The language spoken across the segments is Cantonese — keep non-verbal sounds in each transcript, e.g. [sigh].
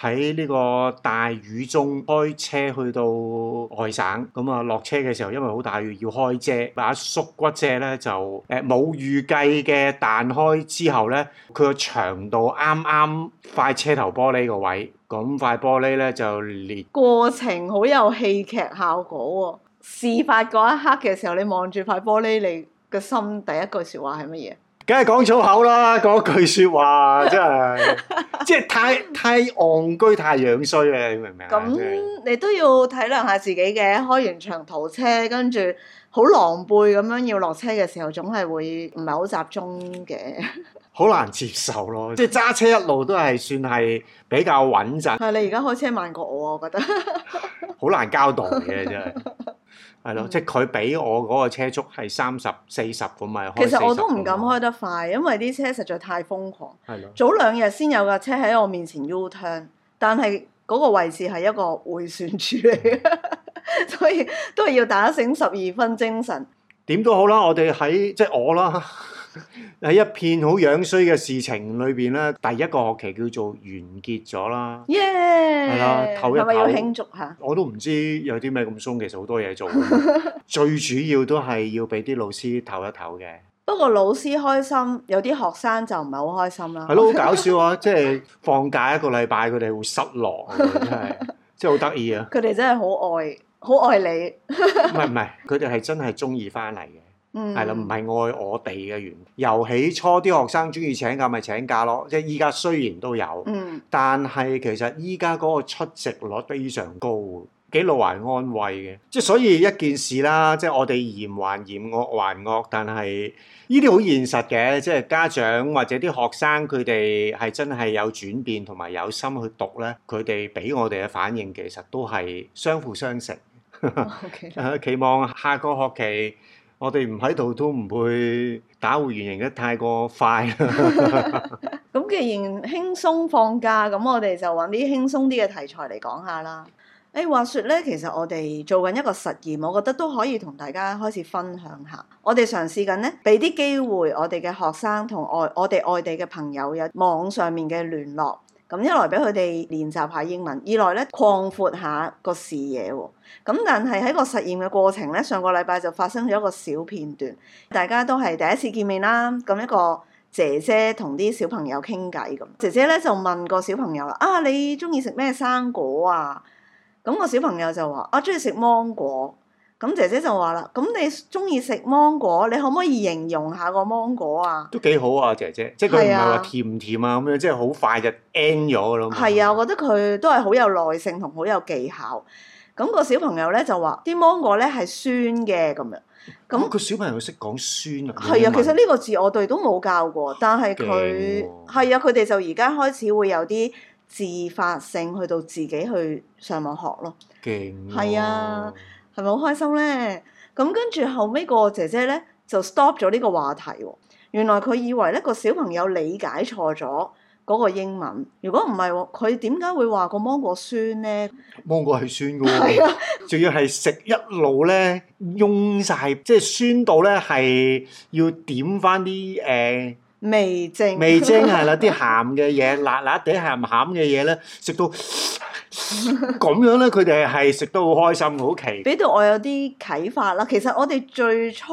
喺呢個大雨中開車去到外省，咁啊落車嘅時候，因為好大雨要開遮，把縮骨遮呢就誒冇預計嘅彈開之後呢，佢個長度啱啱塊車頭玻璃個位，咁塊玻璃呢就裂。過程好有戲劇效果喎，哦！事發嗰一刻嘅時候，你望住塊玻璃你嘅心第一句説話係乜嘢？梗係講粗口啦，講句説話真係， [laughs] 即係太太戇居太樣衰啊！你明唔明啊？咁你都要體諒下自己嘅，開完長途車，跟住好狼狽咁樣要落車嘅時候，總係會唔係好集中嘅。好 [laughs] 難接受咯，即係揸車一路都係算係比較穩陣。係你而家開車慢過我，我覺得好 [laughs] 難交代嘅真係。係咯，嗯、即係佢俾我嗰個車速係三十四十咁咪。開 40, 其實我都唔敢開得快，的因為啲車實在太瘋狂。係咯的，早兩日先有架車喺我面前 U turn，但係嗰個位置係一個迴旋處嚟，的 [laughs] 所以都係要打醒十二分精神。點都好啦，我哋喺即係我啦。喺一片好樣衰嘅事情裏邊咧，第一個學期叫做完結咗啦，係啦，唞一唞，係咪要慶祝下？我都唔知有啲咩咁鬆，其實好多嘢做，最主要都係要俾啲老師唞一唞嘅。不過老師開心，有啲學生就唔係好開心啦。係咯，好搞笑啊！即係放假一個禮拜，佢哋會失落，真係，真係好得意啊！佢哋真係好愛，好愛你。唔係唔係，佢哋係真係中意翻嚟嘅。係啦，唔係，嗯、愛我哋嘅原因。由起初啲學生中意請假，咪請假咯。即係依家雖然都有，嗯，但係其實依家嗰個出席率非常高，幾老懷安慰嘅。即係所以一件事啦，即係我哋嫌還嫌，惡還惡。但係呢啲好現實嘅，即係家長或者啲學生佢哋係真係有轉變同埋有心去讀咧。佢哋俾我哋嘅反應，其實都係相輔相成。期 [laughs] 望下個學期。我哋唔喺度都唔會打回原形得太過快咁 [laughs] [laughs] 既然輕鬆放假，咁我哋就揾啲輕鬆啲嘅題材嚟講下啦。誒、欸，話說呢，其實我哋做緊一個實驗，我覺得都可以同大家開始分享下。我哋嘗試緊呢，俾啲機會我哋嘅學生同外我哋外地嘅朋友有網上面嘅聯絡。咁一來俾佢哋練習下英文，二來咧擴闊下個視野喎。咁但係喺個實驗嘅過程咧，上個禮拜就發生咗一個小片段，大家都係第一次見面啦。咁一個姐姐同啲小朋友傾偈咁，姐姐咧就問個小朋友啦：啊，你中意食咩生果啊？咁個小朋友就話：啊，中意食芒果。咁姐姐就話啦，咁你中意食芒果，你可唔可以形容下個芒果啊？都幾好啊，姐姐，即係佢唔係話甜唔甜啊咁樣，即係好快就 end 咗啦嘛。係啊，我覺得佢都係好有耐性同好有技巧。咁個小朋友咧就話：啲芒果咧係酸嘅咁樣。咁佢小朋友識講酸啊？係啊，其實呢個字我哋都冇教過，但係佢係啊，佢哋、啊、就而家開始會有啲自發性去到自己去上網學咯。勁。係啊。係咪好開心咧？咁跟住後尾個姐姐咧就 stop 咗呢個話題喎。原來佢以為咧個小朋友理解錯咗嗰個英文。如果唔係喎，佢點解會話個芒果酸咧？芒果係酸嘅喎，仲 [laughs] 要係食一路咧，用晒，即係酸到咧係要點翻啲誒味精，味精係啦，啲鹹嘅嘢、辣辣哋鹹鹹嘅嘢咧，食到。咁樣咧，佢哋係食得好開心，好奇。俾到我有啲啟發啦。其實我哋最初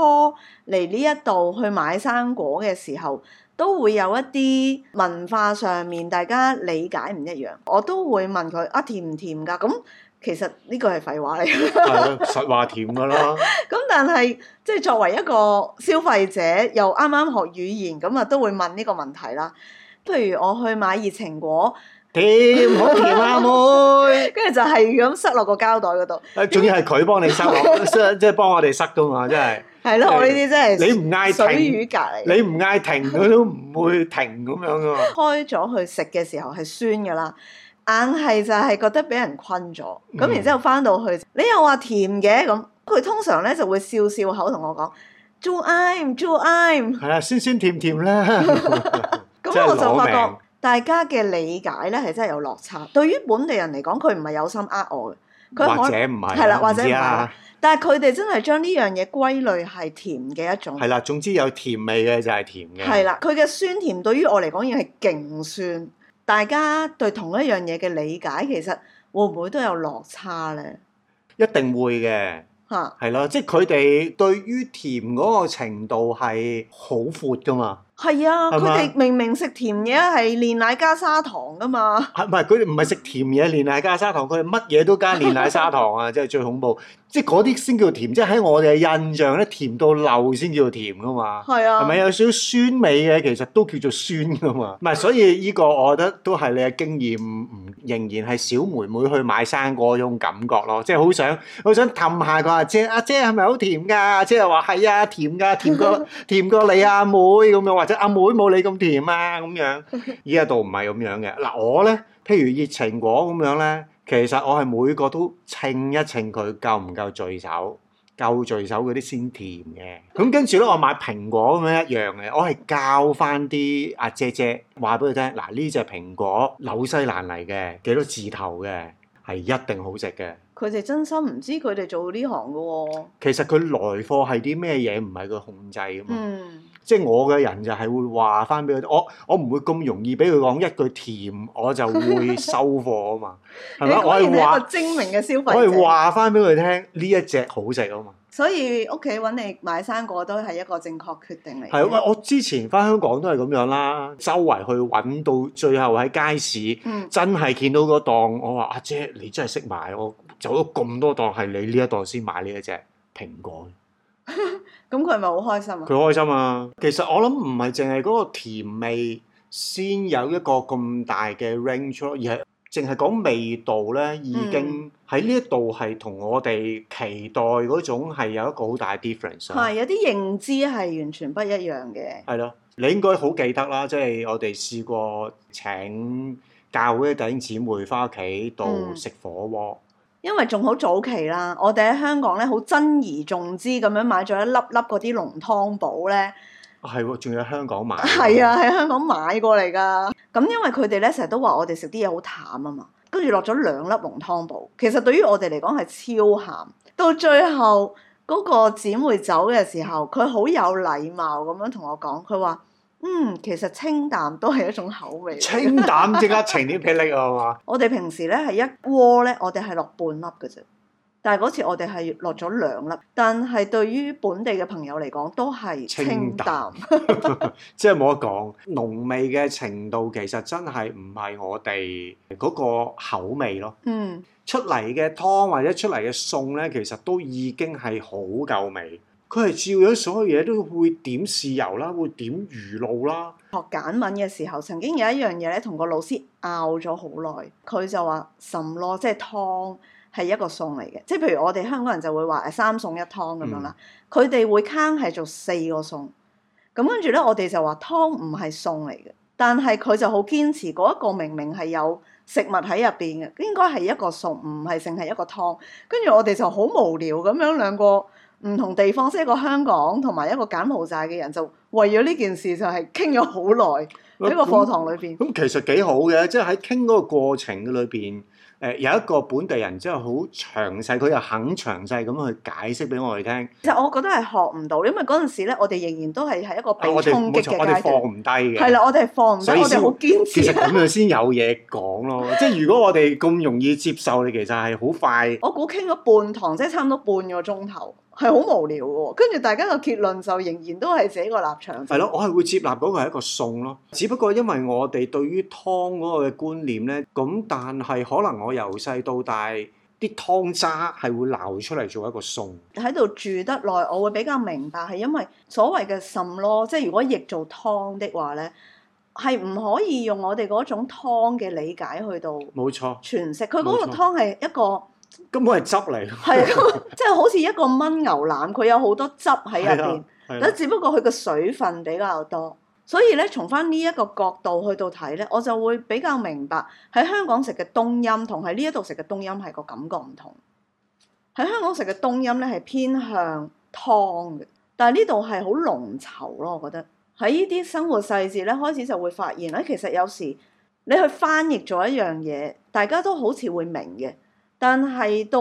嚟呢一度去買生果嘅時候，都會有一啲文化上面大家理解唔一樣。我都會問佢啊，甜唔甜㗎？咁、嗯、其實呢個係廢話嚟㗎、嗯。實話甜㗎啦。咁 [laughs] 但係即係作為一個消費者，又啱啱學語言，咁啊都會問呢個問題啦。譬如我去買熱情果。甜，好甜阿妹，跟住就係咁塞落個膠袋嗰度。誒，仲要係佢幫你塞落，即係幫我哋塞噶嘛，真係。係咯，我呢啲真係。你唔嗌停，水魚隔離，你唔嗌停，佢都唔會停咁樣噶嘛。開咗去食嘅時候係酸噶啦，硬係就係覺得俾人困咗。咁然之後翻到去，你又話甜嘅咁，佢通常咧就會笑笑口同我講，do I'm do I'm。係啦，酸酸甜甜啦。咁我就發覺。大家嘅理解咧，係真係有落差。對於本地人嚟講，佢唔係有心呃我嘅，佢或者唔係、啊，係啦，或者、啊、但係佢哋真係將呢樣嘢歸類係甜嘅一種。係啦，總之有甜味嘅就係甜嘅。係啦，佢嘅酸甜對於我嚟講已經係勁酸。大家對同一樣嘢嘅理解，其實會唔會都有落差咧？一定會嘅。嚇哈，係咯，即係佢哋對於甜嗰個程度係好闊㗎嘛。係啊，佢哋嗎明明食甜嘢係煉奶加砂糖噶嘛。係唔係佢哋唔係食甜嘢煉奶加砂糖，佢哋乜嘢都加煉奶砂糖啊！即係 [laughs] 最恐怖，即係嗰啲先叫甜。即係喺我哋嘅印象咧，甜到漏先叫甜噶嘛。係啊，係咪有少少酸味嘅？其實都叫做酸噶嘛。唔係，所以呢個我覺得都係你嘅經驗，仍然係小妹妹去買生果嗰種感覺咯。即係好想好想氹下個阿姐，阿姐係咪好甜㗎？即係話係啊，甜㗎，甜過甜過你阿妹咁樣 [laughs] [laughs] 就阿妹冇你咁甜啊，咁樣依家度唔係咁樣嘅。嗱、啊、我咧，譬如熱情果咁樣咧，其實我係每個都稱一稱佢夠唔夠墜手，夠墜手嗰啲先甜嘅。咁、啊、跟住咧，我買蘋果咁樣一樣嘅，我係教翻啲阿姐姐話俾佢聽。嗱，呢隻蘋果紐西蘭嚟嘅，幾多字頭嘅？係一定好食嘅，佢哋真心唔知佢哋做呢行嘅喎、哦。其實佢來貨係啲咩嘢，唔係佢控制嘅嘛。嗯，即係我嘅人就係會話翻俾佢，我我唔會咁容易俾佢講一句甜， [laughs] 我就會收貨啊嘛。係咪 [laughs] 吧？我係話個精明嘅消費者，我係話翻俾佢聽呢一隻好食啊嘛。所以屋企揾你買生果都係一個正確決定嚟。係啊，喂！我之前返香港都係咁樣啦，周圍去揾到最後喺街市，嗯、真係見到個檔，我話阿姐你真係識買，我走咗咁多檔係你呢一檔先買呢一隻蘋果。咁佢係咪好開心啊？佢開心啊！嗯、其實我諗唔係淨係嗰個甜味先有一個咁大嘅 range 而係。淨係講味道咧，已經喺呢一度係同我哋期待嗰種係有一個好大 difference，啊。係、嗯、有啲認知係完全不一樣嘅。係咯，你應該好記得啦，即係我哋試過請教會嘅弟兄姊妹翻屋企度食火鍋，嗯、因為仲好早期啦，我哋喺香港咧好珍而重之咁樣買咗一粒粒嗰啲濃湯寶咧。係喎，仲、啊、有香港買。係啊，喺香港買過嚟噶。咁、嗯、因為佢哋咧成日都話我哋食啲嘢好淡啊嘛，跟住落咗兩粒濃湯寶，其實對於我哋嚟講係超鹹。到最後嗰、那個姊妹走嘅時候，佢好有禮貌咁樣同我講，佢話：嗯，其實清淡都係一種口味。清淡即刻晴天霹靂啊嘛！ [laughs] 我哋平時咧係一鍋咧，我哋係落半粒嘅啫。但係嗰次我哋係落咗兩粒，但係對於本地嘅朋友嚟講都係清淡，即係冇得講濃味嘅程度，其實真係唔係我哋嗰個口味咯。嗯，出嚟嘅湯或者出嚟嘅餸咧，其實都已經係好夠味。佢係照咗所有嘢都會點豉油啦，會點魚露啦。學簡文嘅時候，曾經有一樣嘢咧，同個老師拗咗好耐，佢就話什羅，即係湯。係一個餸嚟嘅，即係譬如我哋香港人就會話誒三餸一湯，咁樣啦，佢哋、嗯、會 count 係做四個餸，咁跟住咧我哋就話湯唔係餸嚟嘅，但係佢就好堅持嗰一個明明係有食物喺入邊嘅，應該係一個餸，唔係淨係一個湯。跟住我哋就好無聊咁樣兩個唔同地方，即、就、係、是、一個香港同埋一個柬埔寨嘅人，就為咗呢件事就係傾咗好耐喺個課堂裏邊。咁、嗯嗯嗯、其實幾好嘅，即係喺傾嗰個過程嘅裏邊。誒有一個本地人，即係好詳細，佢又肯詳細咁去解釋俾我哋聽。其實我覺得係學唔到，因為嗰陣時咧，我哋仍然都係喺一個被衝擊嘅階段。我哋冇錯，我哋放唔低嘅。係啦，我哋係放唔低，我哋好堅持。其實咁樣先有嘢講咯。即係如果我哋咁容易接受，你其實係好快。 [laughs] 我估傾咗半堂，即係差唔多半個鐘頭。係好無聊喎，跟住大家嘅結論就仍然都係自己個立場。係咯，我係會接納嗰個係一個餸咯，只不過因為我哋對於湯嗰個嘅觀念呢，咁但係可能我由細到大啲湯渣係會撈出嚟做一個餸。喺度住得耐，我會比較明白係因為所謂嘅滲咯，即係如果譯做湯的話呢，係唔可以用我哋嗰種湯嘅理解去到。冇錯，全食佢嗰個湯係一個。根本係汁嚟， [laughs] 係即係好似一個燜牛腩，佢有好多汁喺入邊，咁 [laughs] 只不過佢個水分比較多，所以咧從翻呢一個角度去到睇咧，我就會比較明白喺香港食嘅冬陰同喺呢一度食嘅冬陰係個感覺唔同。喺香港食嘅冬陰咧係偏向湯嘅，但係呢度係好濃稠咯。我覺得喺呢啲生活細節咧，開始就會發現咧，其實有時你去翻譯咗一樣嘢，大家都好似會明嘅。但係到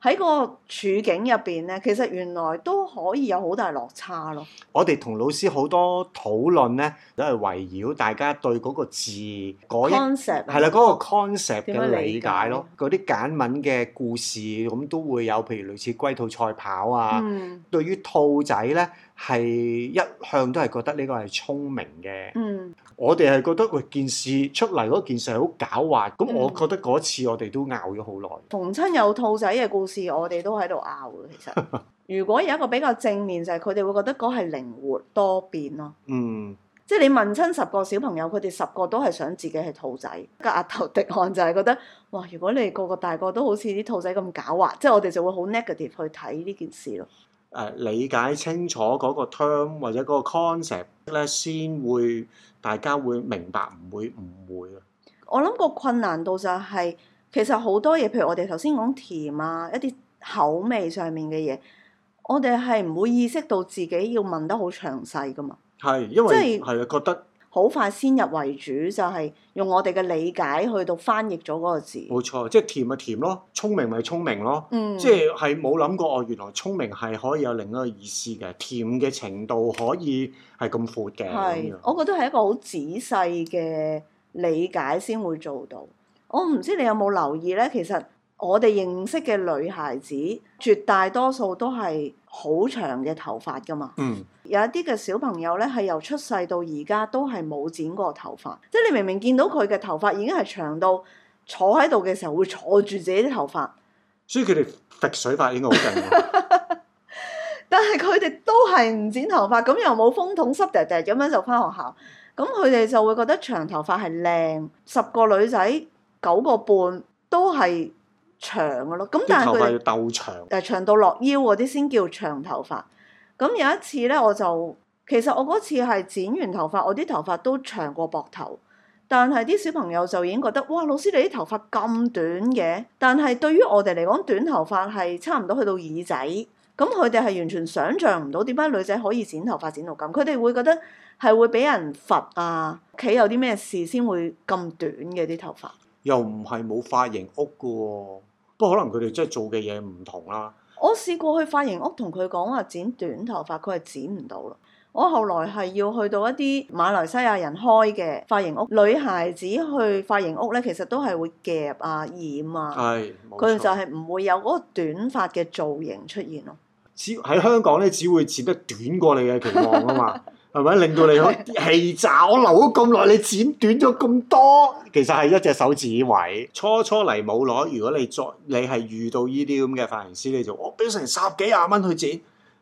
喺個處境入邊咧，其實原來都可以有好大落差咯。我哋同老師好多討論咧，都係圍繞大家對嗰個字嗰 Concept, 一係啦，嗰、嗰個 concept 嘅理解咯。嗰啲簡文嘅故事咁都會有，譬如類似龜兔賽跑啊。嗯、對於兔仔咧。係一向都係覺得呢個係聰明嘅。嗯，我哋係覺得個件事出嚟嗰件事好狡猾。咁、嗯、我覺得嗰次我哋都拗咗好耐。逢親有兔仔嘅故事，我哋都喺度拗其實， [laughs] 如果有一個比較正面就係佢哋會覺得嗰係靈活多變咯。嗯，即係你問親十個小朋友，佢哋十個都係想自己係兔仔，個額頭滴汗就係覺得哇！如果你個，個個大個都好似啲兔仔咁狡猾，即係我哋就會好 negative 去睇呢件事咯。誒、uh, 理解清楚嗰個 term 或者嗰個 concept 咧，先會大家會明白，唔會誤會啊！我諗個困難度就係、是，其實好多嘢，譬如我哋頭先講甜啊，一啲口味上面嘅嘢，我哋係唔會意識到自己要問得好詳細㗎嘛。係，因為係啊、就是，覺得。好快先入為主，就係用我哋嘅理解去到翻譯咗嗰個字。冇錯，即係甜咪甜咯，聰明咪聰明咯，嗯、即係係冇諗過我、哦、原來聰明係可以有另一個意思嘅，甜嘅程度可以係咁闊嘅。係，我覺得係一個好仔細嘅理解先會做到。我唔知你有冇留意咧，其實。我哋認識嘅女孩子，絕大多數都係好長嘅頭髮㗎嘛。嗯，有一啲嘅小朋友呢，係由出世到而家都係冇剪過頭髮，即係你明明見到佢嘅頭髮已經係長到坐喺度嘅時候會坐住自己啲頭髮，所以佢哋滴水髮應該好勁。但係佢哋都係唔剪頭髮，咁又冇風筒濕嗲嗲咁樣就返學校，咁佢哋就會覺得長頭髮係靚。十個女仔九個半都係，長嘅咯，咁但係佢頭髮要鬥長，誒長到落腰嗰啲先叫長頭髮。咁有一次咧，我就其實我嗰次係剪完頭髮，我啲頭髮都長過膊頭，但係啲小朋友就已經覺得哇，老師你啲頭髮咁短嘅。但係對於我哋嚟講，短頭髮係差唔多去到耳仔，咁佢哋係完全想像唔到點解女仔可以剪頭髮剪到咁。佢哋會覺得係會俾人罰啊，屋企有啲咩事先會咁短嘅啲頭髮。又唔係冇髮型屋嘅喎、哦。不過可能佢哋真係做嘅嘢唔同啦。我試過去髮型屋同佢講話剪短頭髮，髮，佢係剪唔到啦。我後來係要去到一啲馬來西亞人開嘅髮型屋，女孩子去髮型屋咧，其實都係會夾啊染啊，佢哋、哎、就係唔會有嗰個短髮嘅造型出現咯。只喺香港咧，只會剪得短過你嘅期望啊嘛。 [laughs] 係咪令到你氣炸？我留咗咁耐，你剪短咗咁多，其實係一隻手指位。初初嚟冇耐，如果你再你係遇到呢啲咁嘅髮型師，你就我俾成十幾廿蚊去剪，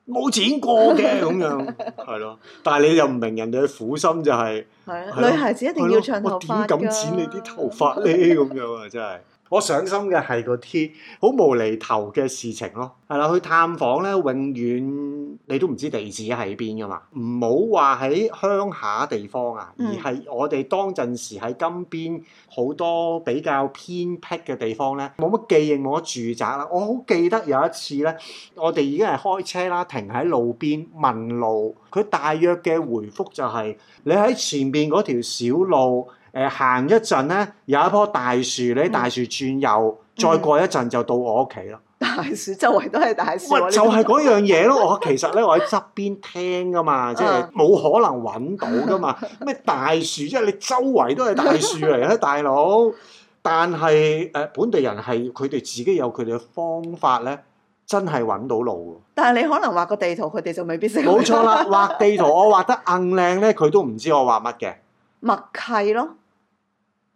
冇剪過嘅咁樣，係咯。但係你又唔明人哋嘅苦心就係係啊，女孩子一定要長頭髮㗎。我點敢剪你啲頭髮咧？咁樣啊，真係。我上心嘅係嗰啲好無厘頭嘅事情咯，係啦，去探訪咧，永遠你都唔知地址喺邊㗎嘛。唔好話喺鄉下地方啊，而係我哋當陣時喺金邊好多比較偏僻嘅地方咧，冇乜記認我住宅啦。我好記得有一次咧，我哋已經係開車啦，停喺路邊問路，佢大約嘅回覆就係、是、你喺前邊嗰條小路。誒行一陣咧，有一棵大樹，你大樹轉右，再過一陣就到我屋企啦。大樹周圍都係大樹。喂，就係嗰樣嘢咯。我其實咧，我喺側邊聽㗎嘛，即係冇可能揾到㗎嘛。咩大樹？即係你周圍都係大樹嚟啦，大佬。但係誒，本地人係佢哋自己有佢哋嘅方法咧，真係揾到路。但係你可能畫個地圖，佢哋就未必識。冇錯啦，畫地圖我畫得硬靚咧，佢都唔知我畫乜嘅。默契咯～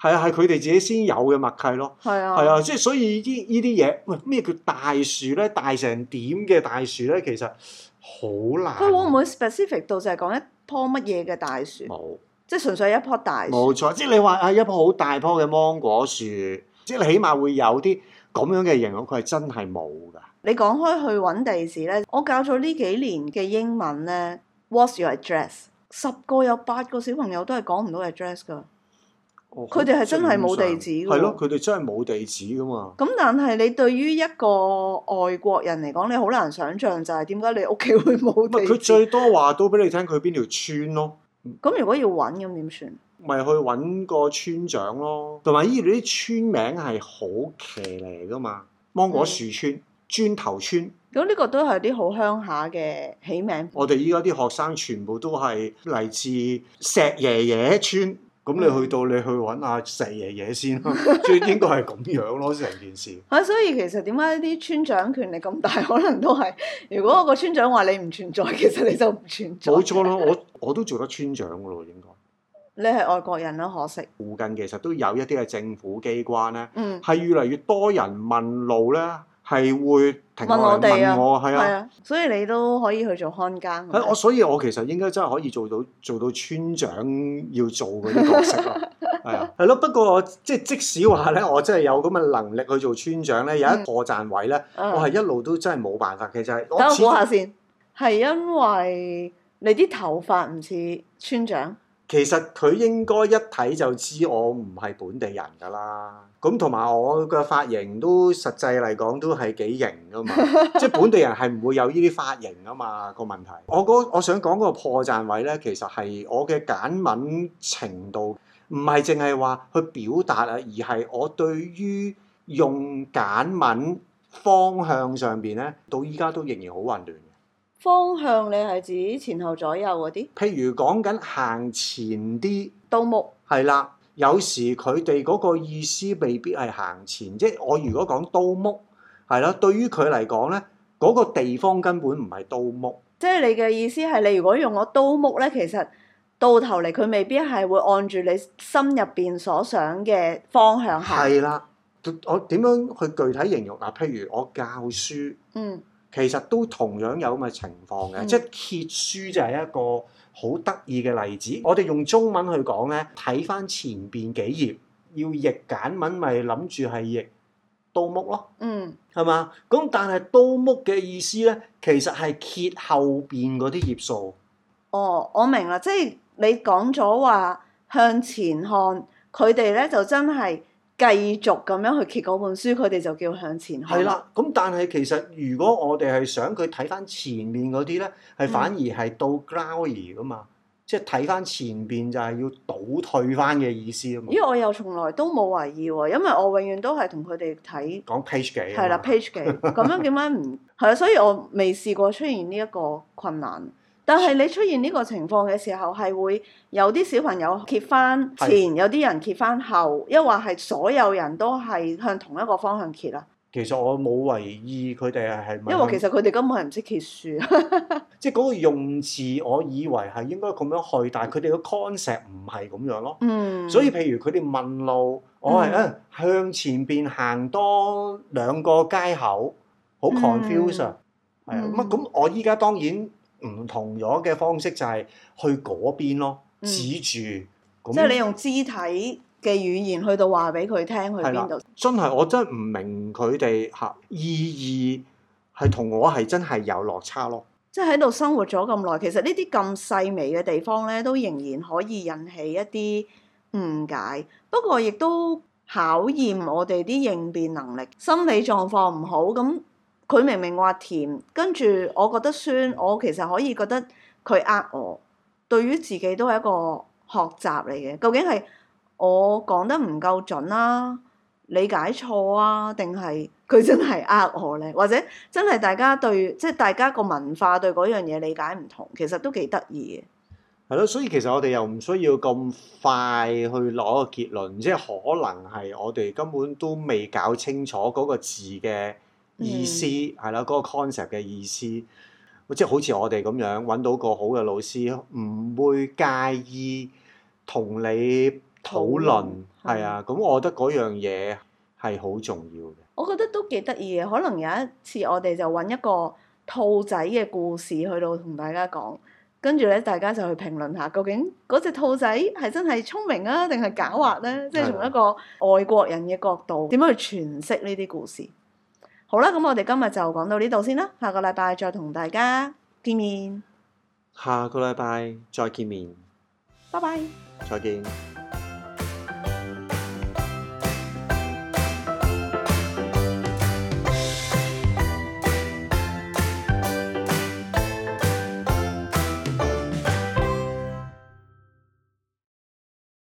係啊，係佢哋自己先有嘅默契咯。係啊，係啊，即係所以呢啲呢啲嘢，喂，咩叫大樹咧？大成點嘅大樹咧，其實好難。佢會唔會 specific 到就係講一棵乜嘢嘅大樹？冇，即係純粹一棵大樹。冇錯，即係你話啊，一棵好大棵嘅芒果樹，即係你起碼會有啲咁樣嘅形容，佢係真係冇噶。你講開去揾地址咧，我教咗呢幾年嘅英文咧，What's your address？十個有八個小朋友都係講唔到 address 噶。佢哋係真係冇地址㗎，係咯，佢哋真係冇地址㗎嘛。咁但係你對於一個外國人嚟講，你好難想象就係點解你屋企會冇？唔，佢最多話都俾你聽佢邊條村咯。咁如果要揾咁點算？咪、嗯、去揾個村長咯。同埋依啲村名係好騎呢㗎嘛，芒果樹村、嗯、磚頭村。咁呢個都係啲好鄉下嘅起名。我哋依家啲學生全部都係嚟自石爺爺村。咁、嗯、你去到，你去揾阿四爺爺先咯、啊，最 [laughs] 應該係咁樣咯，成件事。 [laughs] 啊，所以其實點解啲村長權力咁大，可能都係如果我個村長話你唔存在，其實你就唔存在。冇錯咯，我我都做得村長噶咯，應該。 [laughs] 你係外國人咯，可惜。附近其實都有一啲嘅政府機關咧，係、嗯、越嚟越多人問路咧。係會停來問我哋，係啊，所以你都可以去做看更。係我，所以我其實應該真係可以做到做到村長要做嗰啲角色咯，係 [laughs] 啊，係咯。不過即係即使話咧，我真係有咁嘅能力去做村長咧，有一個站位咧，嗯、我係一路都真係冇辦法嘅，就係、嗯、我估下先。係因為你啲頭髮唔似村長。其實佢應該一睇就知我唔係本地人噶啦，咁同埋我嘅髮型都實際嚟講都係幾型噶嘛， [laughs] 即係本地人係唔會有呢啲髮型啊嘛、個問題。我我想講個破綻位咧，其實係我嘅簡文程度，唔係淨係話去表達啊，而係我對於用簡文方向上邊咧，到依家都仍然好混亂。方向你係指前後左右嗰啲？譬如講緊行前啲。盜木目，係啦，有時佢哋嗰個意思未必係行前，即係我如果講盜木，係啦，對於佢嚟講咧，嗰個地方根本唔係盜木。即係你嘅意思係，你如果用我盜木咧，其實到頭嚟佢未必係會按住你心入邊所想嘅方向行。係啦，我點樣去具體形容嗱？譬如我教書，嗯。其實都同樣有咁嘅情況嘅，嗯、即係揭書就係一個好得意嘅例子。我哋用中文去講咧，睇翻前邊幾頁，要譯簡文咪諗住係譯「盜木」咯，嗯，係嘛？咁但係「盜木」嘅意思咧，其實係揭後邊嗰啲頁數。哦，我明啦，即係你講咗話向前看，佢哋咧就真係。繼續咁樣去揭嗰本書，佢哋就叫向前。係啦，咁但係其實如果我哋係想佢睇翻前面嗰啲咧，係反而係到 glow 而噶嘛，嗯、即係睇翻前邊就係要倒退翻嘅意思啊嘛。因為我又從來都冇懷疑喎，因為我永遠都係同佢哋睇講 page 幾，係啦 page 幾，咁樣點解唔係啊？所以我未試過出現呢一個困難。但係你出現呢個情況嘅時候，係會有啲小朋友揭翻前，的有啲人揭翻後，抑或係所有人都係向同一個方向揭啦。其實我冇為意佢哋係係。因為其實佢哋根本係唔識揭樹， [laughs] 即係嗰個用詞，我以為係應該咁樣去，但係佢哋嘅 concept 唔係咁樣咯。嗯。所以譬如佢哋問路，我係誒、嗯、向前邊行多兩個街口，好 confusing。係啊、嗯，咁咁、嗯嗯嗯、我依家當然。唔同咗嘅方式就係去嗰邊咯，指住。嗯、即係你用肢體嘅語言去到話俾佢聽，去邊度？真係我真係唔明佢哋嚇意義係同我係真係有落差咯。即係喺度生活咗咁耐，其實呢啲咁細微嘅地方咧，都仍然可以引起一啲誤解。不過亦都考驗我哋啲應變能力。心理狀況唔好咁。佢明明話甜，跟住我覺得酸，我其實可以覺得佢呃我。對於自己都係一個學習嚟嘅，究竟係我講得唔夠準啦，理解錯啊，定係佢真係呃我呢？或者真係大家對，即係大家個文化對嗰樣嘢理解唔同，其實都幾得意嘅。係咯，所以其實我哋又唔需要咁快去攞個結論，即係可能係我哋根本都未搞清楚嗰個字嘅。意思係啦，嗰個 concept 嘅意思，即係好似我哋咁樣揾到個好嘅老師，唔會介意同你討論係啊。咁我覺得嗰樣嘢係好重要嘅。我覺得都幾得意嘅，可能有一次我哋就揾一個兔仔嘅故事去到同大家講，跟住咧大家就去評論下，究竟嗰隻兔仔係真係聰明啊，定係狡猾呢？的即係從一個外國人嘅角度，點樣去詮釋呢啲故事？好啦，咁我哋今日就講到呢度先啦，下個禮拜再同大家見面。下個禮拜再見面，拜拜 bye，再見。